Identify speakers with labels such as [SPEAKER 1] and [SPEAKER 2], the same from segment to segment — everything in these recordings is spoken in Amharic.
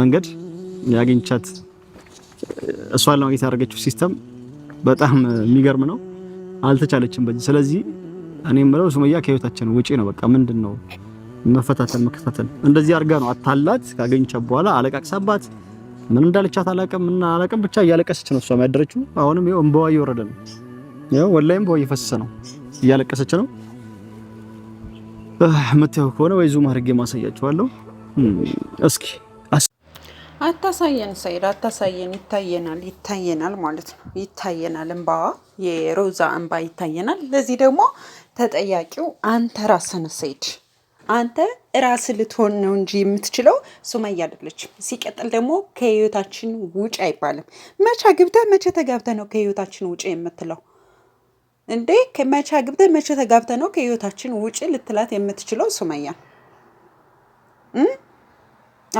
[SPEAKER 1] መንገድ ያገኝቻት እሷን ለማግኘት ያደረገችው ሲስተም በጣም የሚገርም ነው። አልተቻለችም በዚህ ስለዚህ እኔ የምለው ሱመያ ከህይወታችን ውጪ ነው። በቃ ምንድን ነው መፈታተን መከታተል እንደዚህ አድርጋ ነው አታላት። ካገኘቻት በኋላ አለቃቅሳባት ምን እንዳለቻት አላውቅም እና አላቀም ብቻ እያለቀሰች ነው እሷ ያደረችው። አሁንም ይኸው እንበዋ እየወረደ ነው። ይኸው ወላይም በዋ እየፈሰሰ ነው፣ እያለቀሰች ነው። የምታየው ከሆነ ወይ ዙም አድርጌ ማሳያችኋለሁ እስኪ
[SPEAKER 2] አታሳየን ሰይድ አታሳየን። ይታየናል ይታየናል ማለት ነው ይታየናል። እንባ የሮዛ እንባ ይታየናል። ለዚህ ደግሞ ተጠያቂው አንተ ራስህ ሰይድ። አንተ ራስ ልትሆን ነው እንጂ የምትችለው ሱመያ አይደለችም። ሲቀጥል ደግሞ ከህይወታችን ውጭ አይባልም። መቼ ግብተ መቼ ተጋብተ ነው ከህይወታችን ውጭ የምትለው እንዴ? መቼ ግብተ መቼ ተጋብተ ነው ከህይወታችን ውጭ ልትላት የምትችለው ሱመያ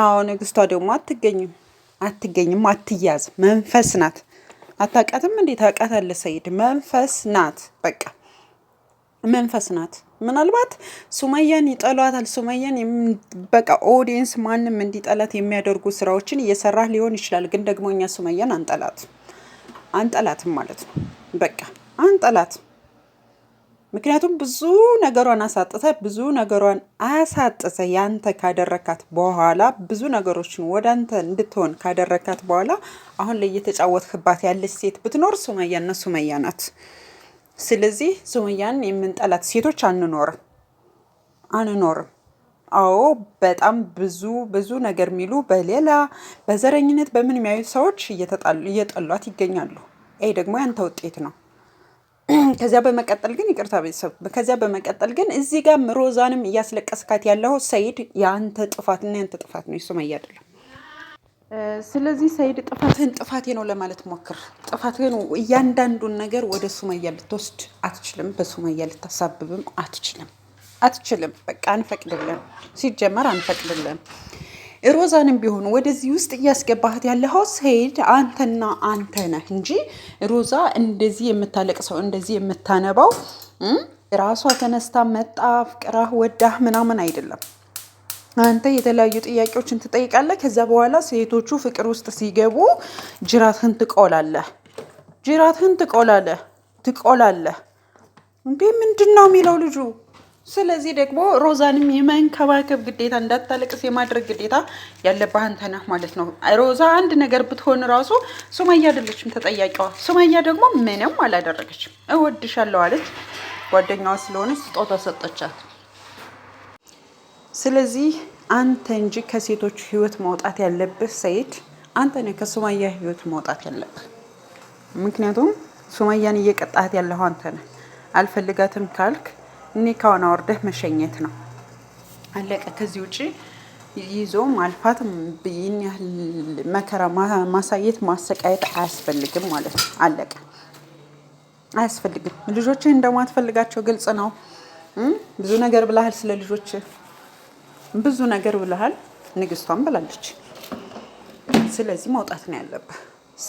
[SPEAKER 2] አዎ ንግስቷ ደግሞ አትገኝም አትገኝም አትያዝም። መንፈስ ናት። አታውቃትም እንዴት ታውቃታለህ ሰይድ። መንፈስ ናት። በቃ መንፈስ ናት። ምናልባት ሱመያን ይጠሏታል። ሱመያን በቃ ኦዲየንስ ማንም እንዲጠላት የሚያደርጉ ስራዎችን እየሰራ ሊሆን ይችላል። ግን ደግሞ እኛ ሱመያን አንጠላት አንጠላትም ማለት ነው። በቃ አንጠላት ምክንያቱም ብዙ ነገሯን አሳጥተ ብዙ ነገሯን አሳጥተ ያንተ ካደረካት በኋላ ብዙ ነገሮችን ወደ አንተ እንድትሆን ካደረካት በኋላ አሁን ላይ እየተጫወትክባት ያለች ሴት ብትኖር ሱመያና ሱመያ ናት። ስለዚህ ሱመያን የምንጠላት ሴቶች አንኖርም አንኖርም። አዎ በጣም ብዙ ብዙ ነገር የሚሉ በሌላ በዘረኝነት በምን የሚያዩ ሰዎች እየጠሏት ይገኛሉ። ይሄ ደግሞ ያንተ ውጤት ነው። ከዚያ በመቀጠል ግን ይቅርታ ቤተሰብ፣ ከዚያ በመቀጠል ግን እዚህ ጋር ሮዛንም እያስለቀስካት ያለው ሰይድ የአንተ ጥፋትና የአንተ ጥፋት ነው፣ የሱመያ አይደለም። ስለዚህ ሰይድ ጥፋትህን ጥፋቴ ነው ለማለት ሞክር። ጥፋትህን እያንዳንዱን ነገር ወደ ሱመያ ልትወስድ አትችልም። በሱመያ ልታሳብብም አትችልም አትችልም። በቃ አንፈቅድልን፣ ሲጀመር አንፈቅድልን። ሮዛንም ቢሆን ወደዚህ ውስጥ እያስገባህት ያለኸው ሰይድ አንተና አንተ ነህ እንጂ ሮዛ እንደዚህ የምታለቅሰው እንደዚህ የምታነባው ራሷ ተነስታ መጣ ፍቅራ ወዳህ ምናምን አይደለም። አንተ የተለያዩ ጥያቄዎችን ትጠይቃለህ። ከዛ በኋላ ሴቶቹ ፍቅር ውስጥ ሲገቡ ጅራትህን ትቆላለህ፣ ጅራትህን ትቆላለህ፣ ትቆላለህ። እንዴ ምንድን ነው የሚለው ልጁ? ስለዚህ ደግሞ ሮዛንም የመንከባከብ ግዴታ እንዳታለቅስ የማድረግ ግዴታ ያለብህ አንተ ነህ ማለት ነው። ሮዛ አንድ ነገር ብትሆን ራሱ ሱመያ አይደለችም ተጠያቂዋ። ሱመያ ደግሞ ምንም አላደረገችም። እወድሻለሁ አለች። ጓደኛዋ ስለሆነች ስጦታ ሰጠቻት። ስለዚህ አንተ እንጂ ከሴቶች ህይወት መውጣት ያለብህ ሰይድ አንተ ነህ ከሱመያ ህይወት መውጣት ያለብህ። ምክንያቱም ሱመያን እየቀጣት ያለኸው አንተ ነህ። አልፈልጋትም ካልክ ኒካውን አውርደህ መሸኘት ነው አለቀ። ከዚህ ውጭ ይዞ ማልፋት ይህን ያህል መከራ ማሳየት ማሰቃየት አያስፈልግም ማለት ነው። አለቀ። አያስፈልግም። ልጆችህ እንደማትፈልጋቸው ግልጽ ነው። ብዙ ነገር ብለሃል፣ ስለ ልጆች ብዙ ነገር ብለሃል። ንግስቷን ብላለች። ስለዚህ መውጣት ነው ያለብህ።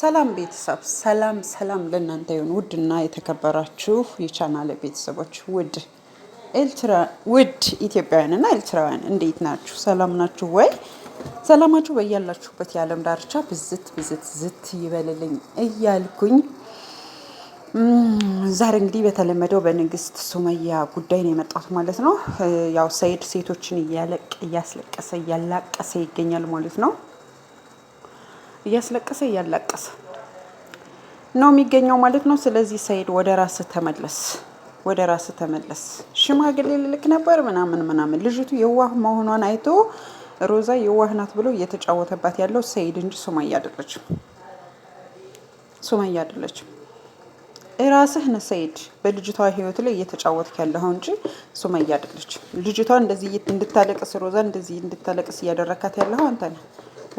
[SPEAKER 2] ሰላም ቤተሰብ፣ ሰላም ሰላም ለእናንተ ይሁን። ውድና የተከበራችሁ የቻናል ቤተሰቦች ውድ ኤልትራ ውድ ኢትዮጵያውያንና ኤልትራውያን እንዴት ናችሁ? ሰላም ናችሁ ወይ? ሰላማችሁ በያላችሁበት የዓለም ዳርቻ ብዝት ብዝት ዝት ይበልልኝ እያልኩኝ ዛሬ እንግዲህ በተለመደው በንግስት ሱመያ ጉዳይ ነው የመጣሁት ማለት ነው። ያው ሰይድ ሴቶችን እያለቅ እያስለቀሰ እያላቀሰ ይገኛል ማለት ነው። እያስለቀሰ እያላቀሰ ነው የሚገኘው ማለት ነው። ስለዚህ ሰይድ ወደ ራስህ ተመለስ። ወደ ራስ ተመለስ። ሽማግሌ ልልክ ነበር ምናምን ምናምን። ልጅቱ የዋህ መሆኗን አይቶ ሮዛ የዋህ ናት ብሎ እየተጫወተባት ያለው ሰይድ እንጂ ሱመያ አይደለችም። ሱመያ አይደለችም። እራስህ ነህ ሰይድ በልጅቷ ህይወት ላይ እየተጫወትክ ያለኸው እንጂ ሱመያ አይደለችም። ልጅቷ እንደዚህ እንድታለቅስ ሮዛ እንደዚህ እንድታለቅስ እያደረካት ያለኸው አንተ ነህ።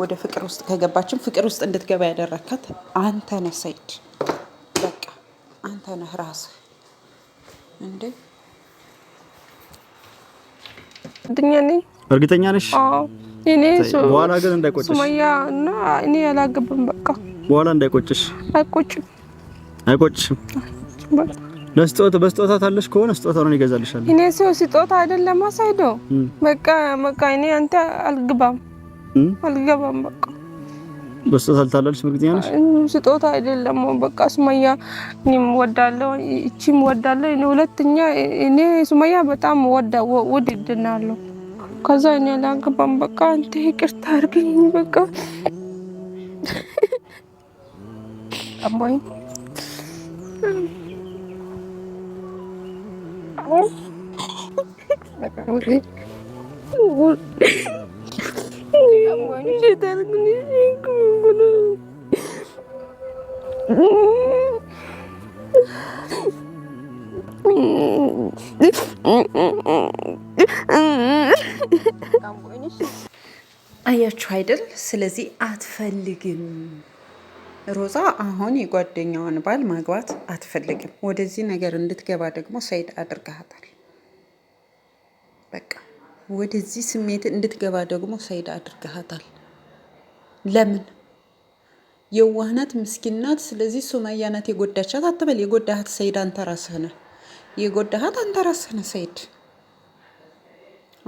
[SPEAKER 2] ወደ ፍቅር ውስጥ ከገባችም ፍቅር ውስጥ እንድትገባ ያደረካት አንተ ነህ ሰይድ። በቃ አንተ ነህ ራስህ እንዴ?
[SPEAKER 3] እርግጠኛ ነኝ። እርግጠኛ ነሽ? እኔ
[SPEAKER 1] በኋላ ግን እንዳይቆጭሽ
[SPEAKER 3] ሱመያ እና እኔ አላገብም። በቃ
[SPEAKER 1] በኋላ እንዳይቆጭሽ። አይቆጭም፣ አይቆጭሽም። ለስጦታ በስጦታ ታለሽ ከሆነ ስጦታ ነው ይገዛልሻል።
[SPEAKER 3] እኔ ሰው ስጦታ አይደለም አሳይዶ በቃ በቃ እኔ አንተ አልገባም፣ አልገባም በቃ
[SPEAKER 1] በሷ ሳልታላለች ነሽ።
[SPEAKER 3] ስጦታ አይደለም። በቃ ሱመያ እኔም ወዳለው እቺም ወዳለው እኔ ሁለተኛ እኔ ሱመያ በጣም ወዳ ወድድናለሁ። ከዛ እኔ አላገባም። በቃ አንተ ይቅርታ አድርገኝ። በቃ አባይ
[SPEAKER 2] አያችሁ አይደል? ስለዚህ አትፈልግም። ሮዛ አሁን የጓደኛዋን ባል ማግባት አትፈልግም። ወደዚህ ነገር እንድትገባ ደግሞ ሰይድ አድርገሃታል። በቃ ወደዚህ ስሜት እንድትገባ ደግሞ ሰይድ አድርገሃታል። ለምን የዋህናት ምስኪናት። ስለዚህ ሱመያ የጎዳቻት አትበል። የጎዳሃት ሰይድ አንተ ራስህ ነህ። የጎዳሃት አንተ ራስህ ነህ ሰይድ፣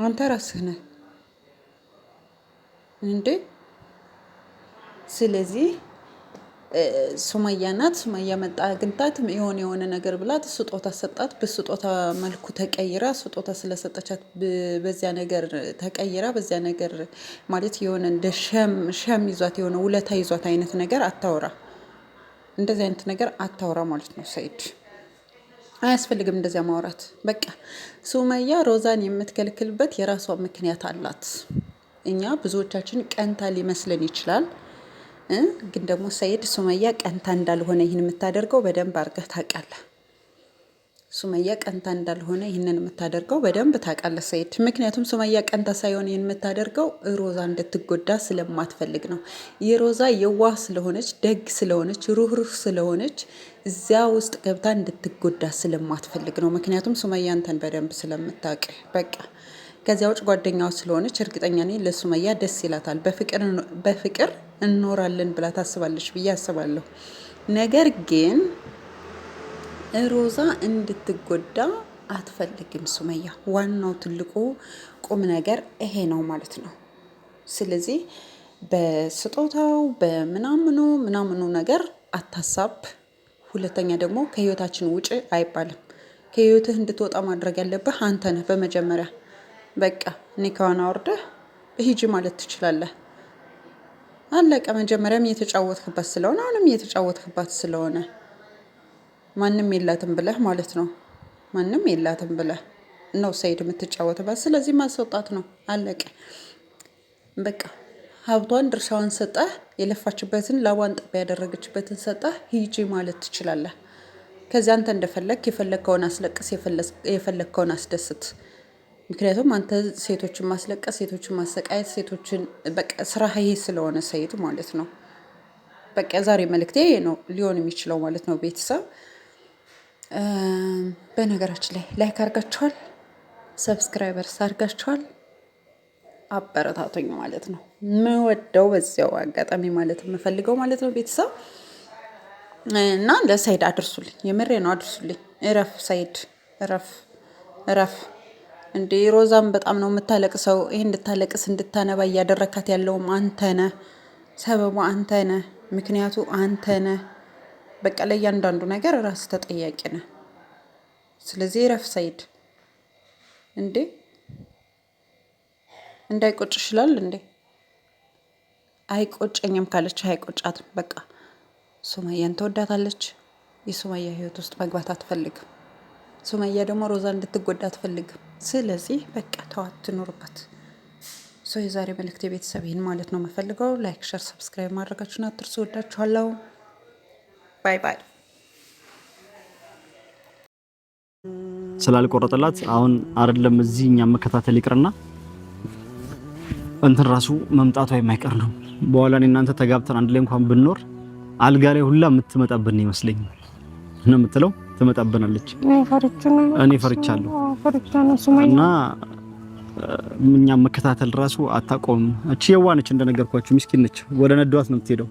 [SPEAKER 2] አንተ ራስህ ነህ እንዴ። ስለዚህ ሱመያ ናት። ሱመያ መጣ አግኝታት የሆነ የሆነ ነገር ብላት ስጦታ ሰጣት። በስጦታ መልኩ ተቀይራ ስጦታ ስለሰጠቻት በዚያ ነገር ተቀይራ በዚያ ነገር ማለት የሆነ እንደ ሸም ይዟት የሆነ ውለታ ይዟት አይነት ነገር አታውራ። እንደዚህ አይነት ነገር አታውራ ማለት ነው ሰይድ አያስፈልግም እንደዚያ ማውራት። በቃ ሱመያ ሮዛን የምትከልክልበት የራሷ ምክንያት አላት። እኛ ብዙዎቻችን ቀንታ ሊመስለን ይችላል። ግን ደግሞ ሰይድ ሱመያ ቀንታ እንዳልሆነ ይህን የምታደርገው በደንብ አድርገህ ታውቃለህ። ሱመያ ቀንታ እንዳልሆነ ይህንን የምታደርገው በደንብ ታውቃለህ ሰይድ። ምክንያቱም ሱመያ ቀንታ ሳይሆን ይህን የምታደርገው ሮዛ እንድትጎዳ ስለማትፈልግ ነው። የሮዛ የዋህ ስለሆነች፣ ደግ ስለሆነች፣ ሩህሩህ ስለሆነች እዚያ ውስጥ ገብታ እንድትጎዳ ስለማትፈልግ ነው። ምክንያቱም ሱመያ አንተን በደንብ ስለምታውቅ በቃ ከዚያ ውጭ ጓደኛዋ ስለሆነች እርግጠኛ ነኝ ለሱመያ ደስ ይላታል። በፍቅር እንኖራለን ብላ ታስባለች ብዬ አስባለሁ። ነገር ግን ሮዛ እንድትጎዳ አትፈልግም ሱመያ። ዋናው ትልቁ ቁም ነገር ይሄ ነው ማለት ነው። ስለዚህ በስጦታው በምናምኑ ምናምኑ ነገር አታሳብ። ሁለተኛ ደግሞ ከህይወታችን ውጭ አይባልም። ከህይወትህ እንድትወጣ ማድረግ ያለብህ አንተ ነህ በመጀመሪያ በቃ ኒካውን አውርደህ ሂጂ ማለት ትችላለህ። አለቀ። መጀመሪያም እየተጫወትክበት ስለሆነ አሁንም እየተጫወትክባት ስለሆነ ማንም የላትም ብለህ ማለት ነው። ማንም የላትም ብለህ ነው ሰይድ የምትጫወትበት። ስለዚህ ማስወጣት ነው። አለቀ። በቃ ሀብቷን ድርሻዋን ሰጠህ፣ የለፋችበትን ላቧን ጠብ ያደረገችበትን ሰጠህ፣ ሂጂ ማለት ትችላለህ። ከዚያ አንተ እንደፈለግ የፈለግከውን አስለቅስ፣ የፈለግከውን አስደስት። ምክንያቱም አንተ ሴቶችን ማስለቀስ፣ ሴቶችን ማሰቃየት፣ ሴቶችን በቃ ስራ ይሄ ስለሆነ ሰይድ ማለት ነው። በቃ ዛሬ መልእክቴ ነው ሊሆን የሚችለው ማለት ነው። ቤተሰብ በነገራችን ላይ ላይክ አድርጋችኋል፣ ሰብስክራይበርስ አድርጋችኋል፣ አበረታቶኝ ማለት ነው። ምወደው በዚያው አጋጣሚ ማለት የምፈልገው ማለት ነው ቤተሰብ እና ለሰይድ አድርሱልኝ። የምሬ ነው አድርሱልኝ። እረፍ ሰይድ እረፍ እረፍ። እንዴ ሮዛም በጣም ነው የምታለቅሰው። ይሄ እንድታለቅስ እንድታነባ እያደረካት ያለውም አንተ ነህ፣ ሰበቡ አንተ ነህ፣ ምክንያቱ አንተ ነህ። በቃ ለእያንዳንዱ ነገር ራስ ተጠያቂ ነህ። ስለዚህ ረፍ ሰይድ እንዴ እንዳይቆጭ ይችላል እንዴ አይቆጨኝም ካለች አይቆጫትም። በቃ ሱመያን ተወዳታለች። የሱመያ ህይወት ውስጥ መግባት አትፈልግም። ሱመያ ደግሞ ሮዛ እንድትጎዳ አትፈልግም። ስለዚህ በቃ ተዋት ትኖርበት። ሰው የዛሬ መልእክት የቤተሰብ ይህን ማለት ነው የምፈልገው። ላይክ፣ ሸር፣ ሰብስክራይብ ማድረጋችሁን አትርሱ። ወዳችኋለሁ። ባይ ባይ።
[SPEAKER 1] ስላልቆረጠላት አሁን አይደለም እዚህ እኛ መከታተል ይቅርና እንትን ራሱ መምጣቷ የማይቀር ነው። በኋላ እኔ እናንተ ተጋብተን አንድ ላይ እንኳን ብንኖር አልጋ ላይ ሁላ የምትመጣብን ይመስለኛል ነው የምትለው ትመጣብናለች። እኔ
[SPEAKER 3] ፈርቻለሁ
[SPEAKER 1] እና እኛም መከታተል ራሱ አታቆምም። እቺ የዋነች እንደነገርኳችሁ ምስኪን ነች። ወደ ነዷት ነው የምትሄደው።